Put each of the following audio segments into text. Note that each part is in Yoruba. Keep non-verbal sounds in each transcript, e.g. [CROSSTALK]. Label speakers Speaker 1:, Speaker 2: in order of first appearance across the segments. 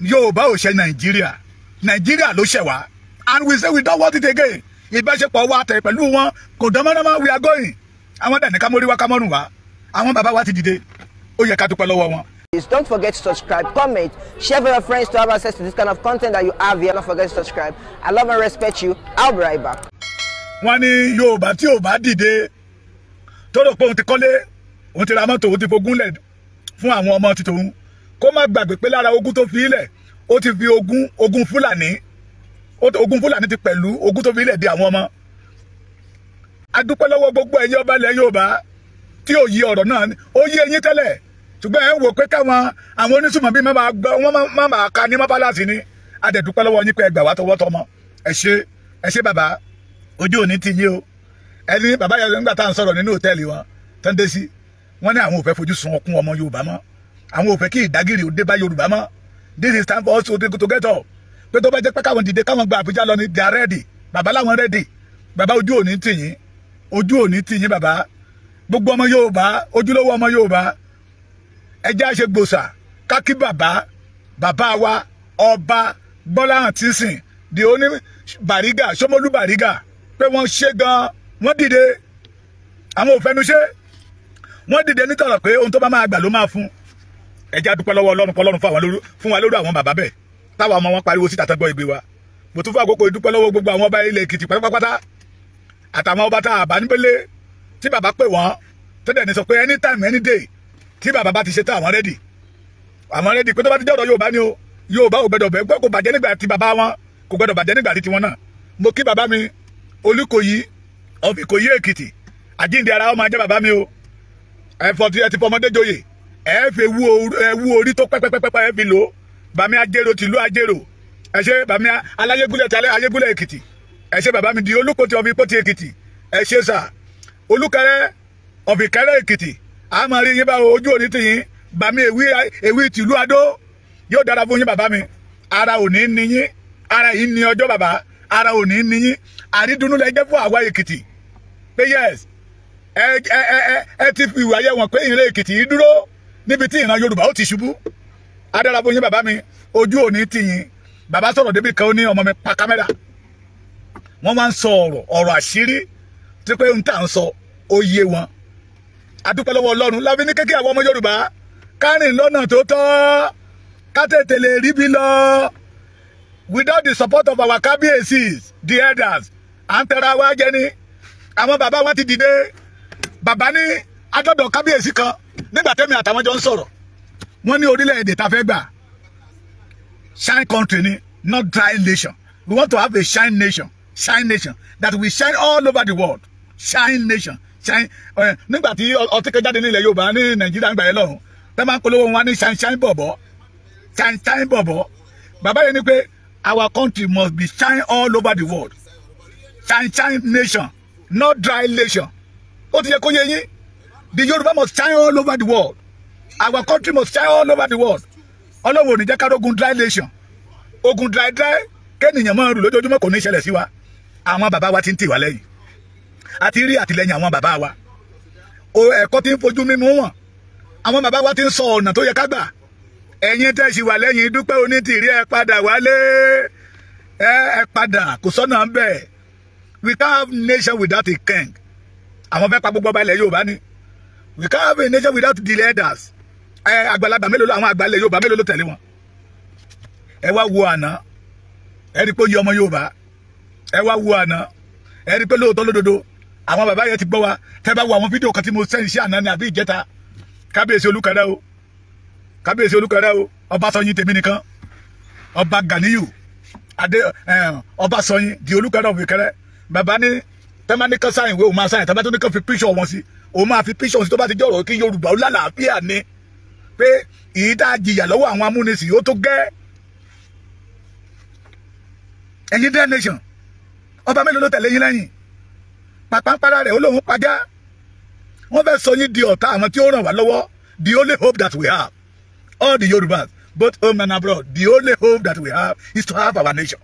Speaker 1: yorùbá ò ṣe nàìjíríà nàìjíríà ló ṣẹ̀ wá and we say we don't want it again ìbáṣepọ̀ wa tẹ̀ pẹ̀lú wọn kò dán we are going àwọn dàní kámórí wa kámọ́rùn wa àwọn bàbá wa ti dìde ó yẹ ká dúpẹ́ lọ́wọ́ wọn. Please don't forget to subscribe, comment, share with your friends to have access to this kind of content that you have here. Don't forget to subscribe. I love and respect you. I'll be right back. Wọ́n ní Yorùbá tí ò bá dìde tó rò pé òun ti kọ́lé, òun ti ra mọ́tò, òun ti fogúnlẹ̀ fún àwọn ọmọ títòun kó má gbàgbé pé lára ogún tó fi ilẹ̀ ó ti fi ogún ogún fúlàní ogún fúlàní ti pẹ̀lú ogún tó fi ilẹ̀ di àwọn ọmọ adúpẹ́ lọ́wọ́ gbogbo ẹ̀yin ọba ilẹ̀ Yorùbá tí ò yí ọ̀rọ̀ náà ó yé eyín tẹ́lẹ̀ ṣùgbọ́n ẹ̀ ń wò pé káwọn àwọn onísùmọ̀ bíi wọ́n máa ka ní mọ́pálásì ni adẹ̀dúpẹ́ lọ́wọ́ yín pé ẹgbà wá tọwọ́ tọmọ ẹ ṣé ẹ ṣé bàbá ojú òní ti yé o ẹni bàbá yẹn nígbà tá à ń sọ̀rọ̀ nínú hòtẹ́ẹ̀lì wọn tó ń dé sí wọ́n ní àwọn ò fojú sun ọkùn ọmọ Yorùbá mọ́ àwọn ò fẹ́ kí ìdágìrì ó bá Yorùbá mọ́ this is time for us to get together. pé tó bá jẹ́ pé káwọn dìde káwọn gba Àbújá lọ ní they are ready bàbá làwọn ready bàbá ojú òní tì yín ojú òní tì yín bàbá gbogbo ọmọ Yorùbá ojúlówó ọmọ Yorùbá ẹjẹ́ àṣẹ gbòòsà kákí bàbá bàbá wa ọba Bọ́lá Àtìsìn the only Bàrígà Ṣómólú Bàrígà pé wọ́n ṣe gan wọ́n dìde àwọn ò fẹnu ṣe wọ́n dìde nítorí pé ohun tó bá máa gbà ló máa fún un ẹ jẹ́ lọ́wọ́ ọlọ́run kọ́lọ́run fún wa lórí àwọn bàbá bẹ́ẹ̀ táwa ọmọ wọn pariwo síta tán gbọ́ wa mo tún fún àkókò ìdúpẹ́ lọ́wọ́ gbogbo àwọn ọba ilẹ̀ èkìtì pátápátá àtàwọn ọba tá a bá níbélé tí bàbá pè wọ́n tẹ́lẹ̀ ní sọ pé anytime any day tí bàbá bá ti ṣe tán àwọn rẹ́dì àwọn rẹ́dì pé tó bá ti dọ̀rọ̀ Yorùbá ni o Yorùbá ò gbẹdọ̀ bẹ́ẹ̀ pé bàjẹ́ nígbà tí bàbá wọn kò gbẹdọ̀ bàjẹ́ nígbà tí tiwọn náà mo kí bàbá mi Olúkòyí ọ̀fìkòyí Èkìtì àjíǹde ara wọn máa bàbá mi o ẹ̀fọ́ ti ẹ ti fọmọdé joyè ẹ fi ewu orí tó pẹ́pẹ́pẹ́pẹ́ ẹ fi lò ó bàmí ajérò tìlú ajérò ẹ ṣe bàmí aláyégúnlẹ̀ tàlẹ́ ayégúnlẹ̀ èkìtì ẹ ṣe bàbá mi di olùkọ́tì ọmọ ìpọ́tì èkìtì ẹ ṣe sà olùkẹ́rẹ́ ọ̀fìkẹ́rẹ́ èkìtì àmọ́ rí yín bá ojú òní ti yín bàmí èwì èwì tìlú adó yóò dára fún yín bàbá mi ara òní ni yín ara yìí ni ọjọ́ bàbá ara òní ni yín àrídùnnú lẹ jẹ́ fún àwa èkìtì pé yes ẹ ẹ ẹ ẹ ti fi ìwà yẹ wọn pé ìrẹ́ èkìtì yìí dúró níbi tí ìran yorùbá ó ti ṣubú adára yín bàbá mi ojú òní ti yín bàbá sọ̀rọ̀ débi kan ó ní ọmọ mi pa kámẹ́rà wọ́n máa ń sọ ọ̀rọ̀ ọ̀rọ̀ àṣírí tí pé ń tà ń sọ ó yé wọn àdúpẹ́ lọ́wọ́ ọlọ́run láfi ní kékeré àwọn ọmọ yorùbá kárìn lọ́nà tó tọ́ ká tètè lè ríbi lọ without the support of our kábíyèsí the elders à ń tẹra wá jẹ ni àwọn bàbá wa ti dìde bàbá ní adọ́dọ̀ kábíyèsí kan nígbà tẹ́mi àtàwọn jọ ń sọ̀rọ̀ wọ́n ní orílẹ̀-èdè tá a fẹ́ gbà shine country ni not dry nation we want to have a shine nation shine nation that we shine all over the world shine nation shine eh, nígbà tí ọtí kan jáde nílẹ̀ Yorùbá ní Nàìjíríà ń gbà yẹn lọ́hùn tẹ́ máa ń polówó wọn ní shine shine bọ̀bọ̀ shine shine bọ̀bọ̀ bàbá yẹn ni pé our country must be shine all over the world shine shine nation not dry nation ó ti yẹ kó yé yín. The Yoruba must shine all over the world. Our country must shine all over the world. Ọlọ́run ò ní jẹ́ ká rógun dry nation. Ogun dry dry kẹ́nìyàn máa ń rù lójoojúmọ́ kò ní ṣẹlẹ̀ sí wa. Àwọn bàbá wa ti ń tì wá lẹ́yìn. A ti rí àtìlẹ́yìn àwọn bàbá wa. O ẹ̀kọ́ ti ń fojú mímú wọn. Àwọn bàbá wa ti ń sọ ọ̀nà tó yẹ ká gbà. Ẹ̀yin tẹ́ ṣì wà lẹ́yìn dúpẹ́ onítìrí ẹ padà wálé. Ẹ padà kò sọ́nà ń We can't have nation without a king. Àwọn fẹ́ pa gbogbo ọba ilẹ̀ Yorùbá ni we can't have a nation without the leaders àgbàlagbà mélòó àwọn àgbàlẹ̀ Yorùbá mélòó ló tẹ̀lé wọn ẹ wá wo àná ẹ rí pé ó yẹ ọmọ Yorùbá ẹ wá wo àná ẹ rí pé lóòótọ́ lódodo àwọn bàbá yẹn ti gbọ́ wa tẹ́ bá wo àwọn fídíò kan tí mo sẹ́yìn sí àná ni àbí ìjẹta kábíyèsí olùkàdá o kábíyèsí olùkàdá o Ọbásanjì tèmi nìkan ọba Ganiyu adé Ọbásanjì di olùkàdá òfin kẹrẹ bàbá ní tẹ́mánìkan sáyìn wo òun máa sáyìn tẹ́mánìkan fi píṣọ̀ o máa fi píṣọ̀ sí tó bá ti jọ̀rọ̀ kí Yorùbá lálàáfíà ni pé èyí tá a jìyà lọ́wọ́ àwọn amúnisìn ó tó gẹ́ ẹ̀yin dẹ́ nation ọba mélòó ló tẹ̀lé yín lẹ́yìn pàpàǹpàrà rẹ̀ ó lóun pajá wọ́n fẹ́ sọ yín di ọ̀tá àwọn tí ó ràn wá lọ́wọ́ the only hope that we have all the Yorùbás both home and abroad the only hope that we have is to have our nation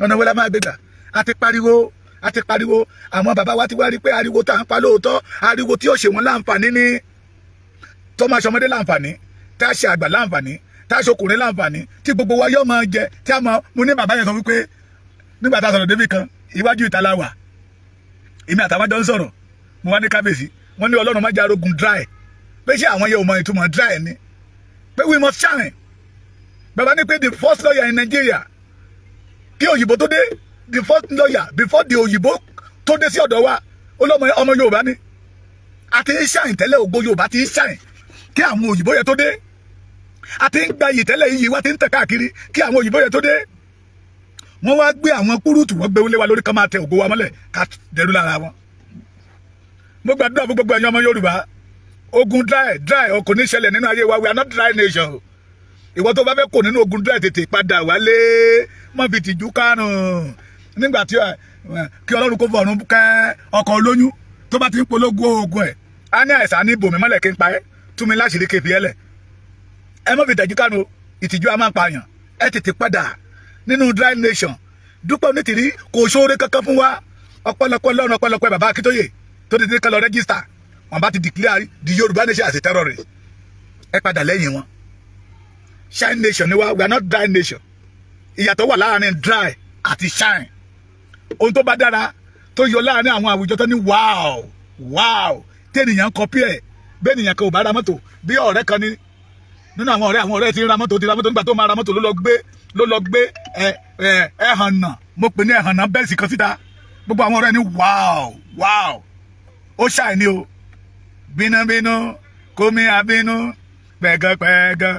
Speaker 1: ọ̀nà wẹ́lẹ́ máa gbégbà àti pariwo a ti pariwo àwọn bàbá wa ti wá rí pé ariwo tá à ń pa lóòótọ́ ariwo tí ó ṣe wọn láǹfààní ní tó ṣọmọdé láǹfààní tá a ṣe àgbà láǹfààní tá a ṣe láǹfààní tí gbogbo wa yóò máa jẹ tí a máa mo ní bàbá yẹn sọ wípé nígbà tá a sọ̀rọ̀ débi kan iwájú ìta la wà èmi àtàwọn jọ ń sọ̀rọ̀ mo wá ní kábíyèsí wọ́n ní ọlọ́run má jẹ́ dry pé ṣé àwọn yẹn ò mọ ìtumọ̀ dry ni pé we must shine bàbá ní pé the first lawyer in Nigeria kí òyìnbó tó dé the first lawyer before the Oyibo, tó dé sí ọ̀dọ̀ wa olómọ ọmọ yorùbá ni a ti ń ṣàyìn tẹ́lẹ̀ ògo yorùbá ti ń ṣàyìn kí àwọn òyìnbó yẹn tó dé a ti ń gba iyì tẹ́lẹ̀ iyì wa ti ń tẹ̀ káàkiri kí àwọn òyìnbó yẹn tó dé wọ́n wá gbé àwọn kúrúùtù wọ́n gbé wọlé wa lórí kan máa tẹ ògo wa mọ́lẹ̀ ká dẹrú lára wọn. mo gbàdúrà fún gbogbo ẹ̀yin ọmọ yorùbá ogun dry dry ọkọ̀ ní ṣẹlẹ̀ nínú ayé wa we are not dry nation ìwọ tó bá fẹ́ kò nínú ogun dry tètè padà wálé má fi tìjú nígbà tí eh, kí ọlọ́run kó fọ̀run kẹ́ ọkọ̀ olóyún tó bá ti ń polówó oògùn ẹ̀ á ní àìsàn ní ibòmí mọ́lẹ̀ kí n pa ẹ́ tú mi láṣìírí kéfì ẹlẹ̀ ẹ mọ́ fi tẹ̀jú kánu ìtìjú a ẹ tètè padà nínú dry nation Dúpẹ́ Onítìrí kò sóore kankan fún wa ọpẹ́lọpẹ́ lọ́run ọpẹ́lọpẹ́ bàbá Akíntóyè tó ti dé kálọ̀ rẹ́gísítà wọn bá ti declare the Yorùbá nation as a terrorist ẹ padà lẹ́yìn wọn shine nation ni wa we are not dry nation ìyàtọ̀ wà láàrin dry àti shine ohun tó bá dára tó yọ láàrin àwọn àwùjọ tó ní wáò wáò tẹ́nìyàn kọpí ẹ̀ bẹ́ẹ̀nìyàn kan ò bá ra mọ́tò bí ọ̀rẹ́ kan ní nínú àwọn ọ̀rẹ́ àwọn ọ̀rẹ́ ti ra mọ́tò ti ra mọ́tò nígbà tó máa ra mọ́tò ló lọ gbé ló lọ gbé ẹ ẹ ẹhànà mo pè ní ẹhànà bẹ́ẹ̀sì kan síta gbogbo àwọn ọ̀rẹ́ ní wáò wáò ó ṣàì ní o bínúbínú kómi abínú pẹ̀gànpẹ̀gàn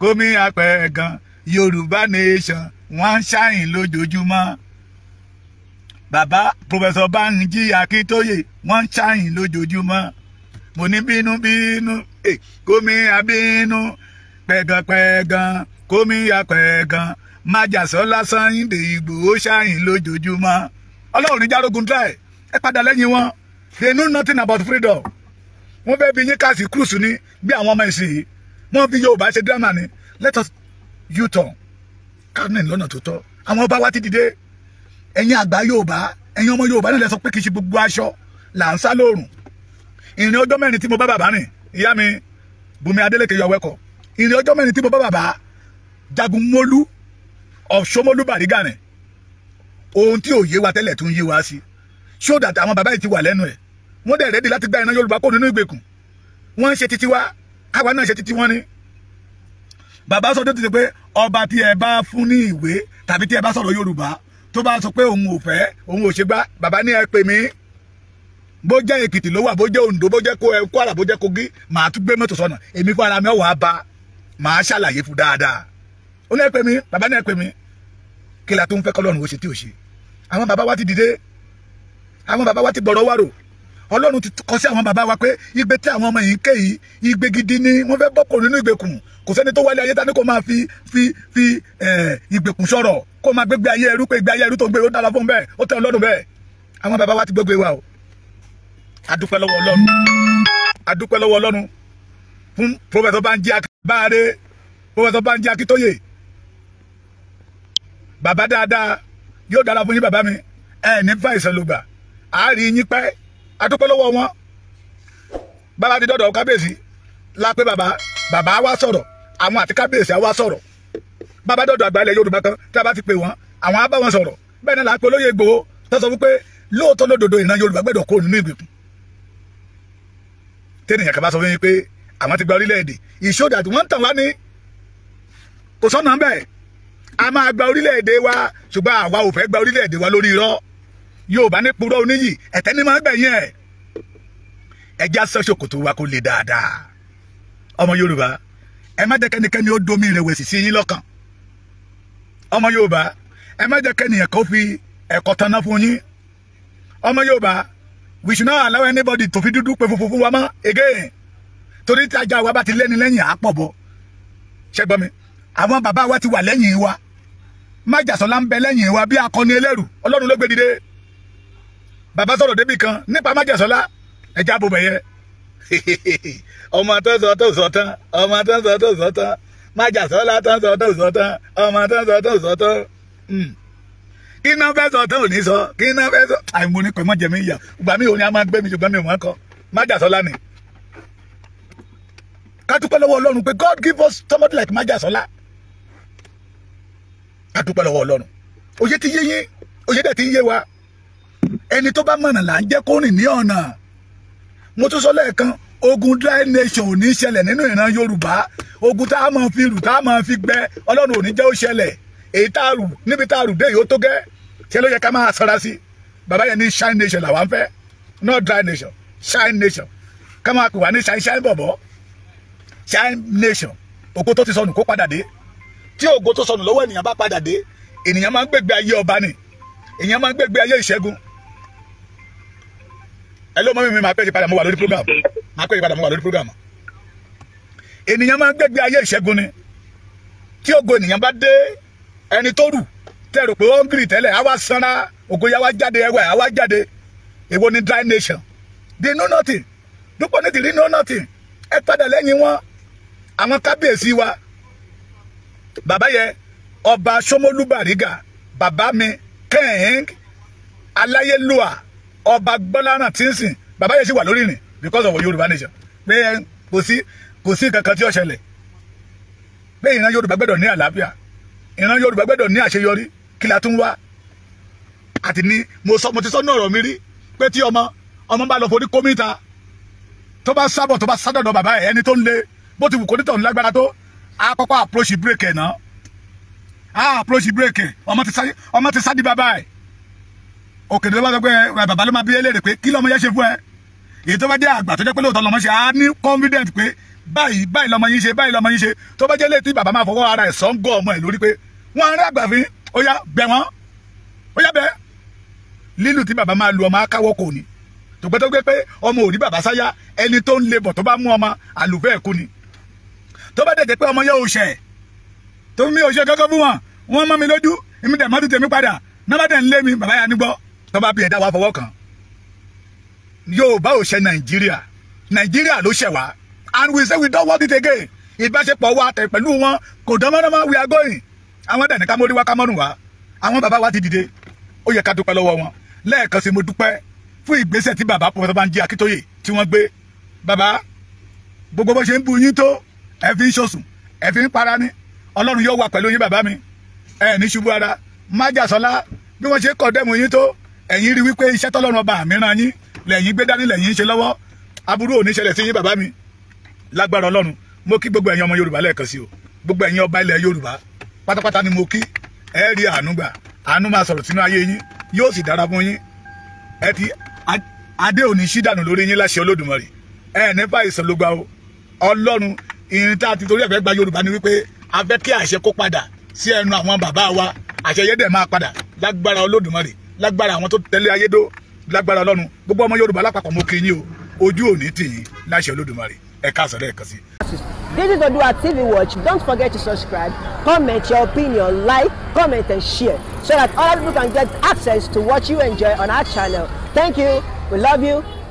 Speaker 1: kómi apẹ̀gàn Yorùbá nation wọ́n ń ṣàyìn lójoojúmọ́ bàbá pòfẹ́sọ̀ Bánjí Akíntóyè wọ́n ń ṣàyìn lójoojúmọ́ mo ní bínú bínú eh, kómi abínú pẹ̀gànpẹ̀gàn kómi apẹ̀gàn májàsọ́ lásán ìdè Ìgbòho ṣàyìn lójoojúmọ́ ọlọ́run ní járógun try ẹ padà lẹ́yìn wọn they know nothing about freedom wọ́n fẹ́ bí yín káàsì cruise ní bí àwọn ọmọ ìsìn yìí wọ́n fi Yorùbá ṣe drama ni let us u-turn káàmì lọ́nà tó tọ́ àwọn ọba wa ti dìde ẹ̀yin àgbà Yorùbá ẹ̀yin ọmọ Yorùbá náà lẹ sọ pé kì í ṣe gbogbo aṣọ là ń sá lóòrùn ìrìn ọjọ́ mẹ́rin tí mo bá bàbá rìn ìyá mi Bùnmi Adélékè yọ wẹ́kọ̀ ìrìn ọjọ́ mẹ́rin tí mo bá bàbá jagun mólú ọ̀ṣọ́mólú bàrígà rìn ohun tí ò yé wa tẹ́lẹ̀ tún yé wa sí ṣó dàtà àwọn bàbá yìí ti wà lẹ́nu ẹ̀ wọ́n dẹ̀ rẹ́dí láti gba iná Yorùbá kó nínú ìgbèkùn wọ́n ń ṣe titi wa káwa náà ṣe titi wọn ni bàbá sọ tó ti sè pé ọba tí ẹ bá fún ní ìwé tàbí tí ẹ bá sọ̀rọ̀ Yorùbá tó bá sọ pé òun ò fẹ́ òun ò ṣe gbá bàbá ní ẹ pè mí bó jẹ́ èkìtì ló wà bó jẹ́ ondo bó jẹ́ kwara bó jẹ́ kogi màá tún gbé mọ́tò sọ́nà èmi fún ara mi ọ̀wọ́ á ba màá ṣàlàyé fún dáadáa ó ní ẹ pè mí bàbá ní ẹ pè mí kí la tó ń fẹ́ kọ́lọ́run ó ṣe tí ò ṣe àwọn bàbá wa ti dìde àwọn bàbá wa ti bọ̀rọ̀ wárò ọlọ́run ti kọ sí àwọn bàbá wa pé igbe tí àwọn ọmọ yìí ń ké yìí igbe gidi ni wọ́n fẹ́ bọ́ kò ìgbèkùn kò sẹ́ni tó wálé ayé ta ni kò máa fi fi fi eh, ìgbèkùn sọ̀rọ̀ kó máa gbégbé ayé ẹrú pé ìgbé ayé ẹrú tó gbé ó dára fún bẹ́ẹ̀ ó tẹ́ ọlọ́run bẹ́ẹ̀ àwọn bàbá wa ti gbégbé wa o adúpẹ́ lọ́wọ́ ọlọ́run adúpẹ́ lọ́wọ́ ọlọ́run fún pọ́fẹ́sọ̀ Bánjí Báre pọ́fẹ́sọ̀ Bánjí Akíntóyè bàbá dáadáa yóò dára fún yín bàbá mi ẹ̀ ní fàìsàn ló àárín yín pẹ́ẹ́ adúpẹ́ lọ́wọ́ wọn bàbá ti dọ́dọ̀ kábíyèsí la pé bàbá bàbá wa sọ̀rọ̀ àwọn àti kábíyèsí wa sọ̀rọ̀ bàbá dọ́dọ̀ àgbà ilẹ̀ Yorùbá kan tí a bá ti pè wọ́n àwọn á bá wọn sọ̀rọ̀ bẹ́ẹ̀ ni la pé olóyè Ìgbòho tó sọ wípé lóòótọ́ lódodo ìran Yorùbá gbẹ́dọ̀ kó nínú ìgbèkùn tẹ́nìyàn kan bá sọ fún yín pé àwọn ti gba orílẹ̀-èdè ìṣòdà tí wọ́n ń tàn wá ní kò sọ́nà bẹ́ẹ̀ a máa gba orílẹ̀-èdè wa ṣùgbọ́n àwa ò fẹ́ gba orílẹ̀-èdè wa lórí irọ́ yorùbá ní purọ́ oníyì ẹ̀tẹ́ ní máa gbẹ̀yìn ẹ̀ ẹjẹ́ aṣọ ṣòkòtò wa kó le dáadáa ọmọ yorùbá ẹ má jẹ́ kẹ́nikẹ́ni ó domi ìrẹ̀wẹ̀sì sí yín lọ́kàn ọmọ yorùbá ẹ má jẹ́ kẹ́niyàn kó fi ẹ̀kọ́ tanná fún yín ọmọ yorùbá we should not allow anybody to fi dúdú pé funfun fún wa mọ́ again torí tí ajá wa bá ti lẹ́ni lẹ́yìn àápọ̀ bọ̀ ṣẹ́gbọ́n mi àwọn bàbá wa ti wà lẹ́yìn wa májàsọ́lá ń bẹ lẹ́yìn wa bí akọni ẹlẹ́rù ọlọ́run ló gbé dìde bàbá sọ̀rọ̀ débi kan nípa májẹ̀sọ́lá ẹja bò bẹ̀yẹ [LAUGHS] ọmọ tó sọ tó sọ tán ọmọ tó sọ tó sọ tán májàsọ́lá tó sọ tó sọ tán ọmọ tó sọ tó sọ tán hmm. kí iná fẹ́ sọ tán ò ní sọ kí iná fẹ́ sọ àìmọ̀ ní pẹ̀mọ́ jẹ̀mí ìyà ìgbà mi ò ní a máa gbé mi ṣùgbọ́n mi ò máa kọ májàsọ́lá ni ká dúpẹ́ lọ́wọ́ ọlọ́run pé God give us somebody like májàsọ́lá ká dúpẹ́ lọ́wọ́ ọlọ́run òye ti yé yín òye dẹ̀ ti yé wa ẹni tó bá mọ̀nà là ń jẹ́ kó rìn ní ọ̀nà mo tún sọ lẹ́ẹ̀kan ogun dry nation ò ní ṣẹlẹ̀ nínú ìran yorùbá ogun tá a máa fi rù tá a máa fi gbẹ ọlọ́run ò ní jẹ́ ó ṣẹlẹ̀ èyí tá a rù níbi tá a rù dé yìí tó gẹ́ ṣe ló yẹ ká máa sọ́ra sí bàbá yẹn ní shine nation làwa ń fẹ́ not dry nation shine nation ká máa pè wá ní shine shine bọ̀bọ̀ shine nation ògo tó ti sọnù kó padà dé tí ògo tó sọnù lọ́wọ́ ènìyàn bá padà dé ènìyàn máa ń gbègbè ayé ọba ni ènìyàn máa ń gbègbè ayé ìṣẹ́gun ẹ ló mọ mi máa pẹ́ yí padà mo wà lórí program máa pẹ́ yí padà mo wà lórí program. ènìyàn máa ń gbégbé ayé ìṣẹ́gun ni tí ògo ènìyàn bá dé ẹni tó rù tẹ̀rù pé ó ń gírì tẹ́lẹ̀ á wá sanra ògo yá wá jáde ẹwà á wá jáde èwo ni dry nation they know nothing dúpọ̀ ní tìrí know nothing ẹ padà lẹ́yìn wọn àwọn kábíyèsí wa bàbá yẹ ọba Ṣómólú bàbá mi King Aláyélúwà ọba gbọ́lánà tí ń sìn bàbá yẹn sì wà lórí ìrìn because of yorùbá nation pé kò sí kò sí kankan tí ó ṣẹlẹ̀ pé ìran yorùbá gbẹ́dọ̀ ní àlàáfíà ìran yorùbá gbẹ́dọ̀ ní àṣeyọrí kí la tún wá àti ní mo sọ mo ti sọ ní ọ̀rọ̀ mi rí pé tí ọmọ ọmọ bá lọ forí kómìta tó bá sábọ̀ tó bá sádọ̀dọ̀ bàbá ẹ̀ ẹni tó ń le bó ti wù kó nítọ̀ lágbára tó á kọ́kọ́ approach break ẹ̀ náà á approach break ẹ̀ ọmọ ti sá di bàbá ẹ̀ òkèdè ló bá sọ pé bàbá ló máa bí eléèrè pé kí lọmọ yẹn ṣe fún ẹ èyí tó bá jẹ́ àgbà tó jẹ́ pé lóòótọ́ lọmọ ṣe á ní confident pé báyìí báyìí lọmọ yín ṣe báyìí lọmọ yín ṣe tó bá jẹ́ léètì bàbá máa fọwọ́ ara ẹ̀ sọ́ngọ́ ọmọ ẹ̀ lórí pé wọ́n ń rí àgbà fín ó yá bẹ̀ wọ́n ó yá bẹ̀ lílù tí bàbá máa lu ọmọ akáwọ́ kò ní tògbẹ́ tó gbé pé ọmọ ò rí bàbá sáyá ẹni tó ń lebọ̀ tó bá mú ọmọ àlùfẹ́ ẹ̀kú ni tó bá dẹ̀gẹ́ pé ọmọ yẹ òṣẹ̀ tó mi òṣẹ̀ kankan fún wọn wọ́n mọ́ mi lójú èmi dẹ̀ mọ́ ti tèmi padà náà bá dẹ̀ ń lé mi bàbá yà ní gbọ́ tó bá bí ẹ̀dá wa fọwọ́ kàn Yorùbá ò ṣe Nàìjíríà Nàìjíríà ló ṣẹ̀ wá and we say we don't want it again ìbáṣepọ̀ wa tẹ̀ pẹ̀lú wọn kò dán mọ́nàmọ́ we are going àwọn dàní ká mórí wa ká mọ́nù wa àwọn bàbá wa ti dìde ó yẹ ká dúpẹ́ lọ́wọ́ wọn lẹ́ẹ̀kan sí mo dúpẹ́ fún ìgbésẹ̀ tí bàbá pọ̀fẹ́sọ̀ Banji Akíntóyè tí wọ́n gbé bàbá gbogbo bó ṣe ń bu yín tó ẹ fi ń ṣòṣùn ẹ fi ń para ní Ọlọ́run yóò wà pẹ̀lú yín bàbá mi ẹ ní ṣubú ara májàsọ́lá bí wọ́n ṣe kọ̀ dẹ́mu yín tó ẹ̀yin rí wípé iṣẹ́ tọ́lọ́run ọba mi rán yín lẹ́yìn gbé dání lẹ́yìn ń ṣe lọ́wọ́ aburú ò ní ṣẹlẹ̀ sí yín bàbá mi lágbára ọlọ́run mo kí gbogbo ẹ̀yin ọmọ yorùbá lẹ́ẹ̀kan sí o gbogbo ẹ̀yin ọba ilẹ̀ yorùbá pátápátá ni mo kí ẹ rí àánú gbà àánú máa sọ̀rọ̀ sínú ayé yín yóò sì dára fún yín ẹ ti adé òní ṣídànù lórí yín láṣẹ olódùmarè ẹ nípa ìsàn ló gba o ọlọ́run ìrìn tá a ti torí ẹ̀fẹ́ gba yorùbá ni wípé a fẹ́ kí àṣẹ kó padà sí ẹnu àwọn bàbá wa àṣẹ yẹ́dẹ̀ máa padà lágbára olódùmarè lágbára àwọn tó tẹ̀lé ayédó lágbára ọlọ́run gbogbo ọmọ yorùbá lápapọ̀ mo kí yín o ojú òní tì yín láṣẹ olódùmarè ẹ káàsán lẹ́ẹ̀kan sí. This is Oòduà TV Watch. Don't forget to subscribe, comment your opinion, like, comment and share so that other people can get access to what you enjoy on our channel. Thank you. We love you.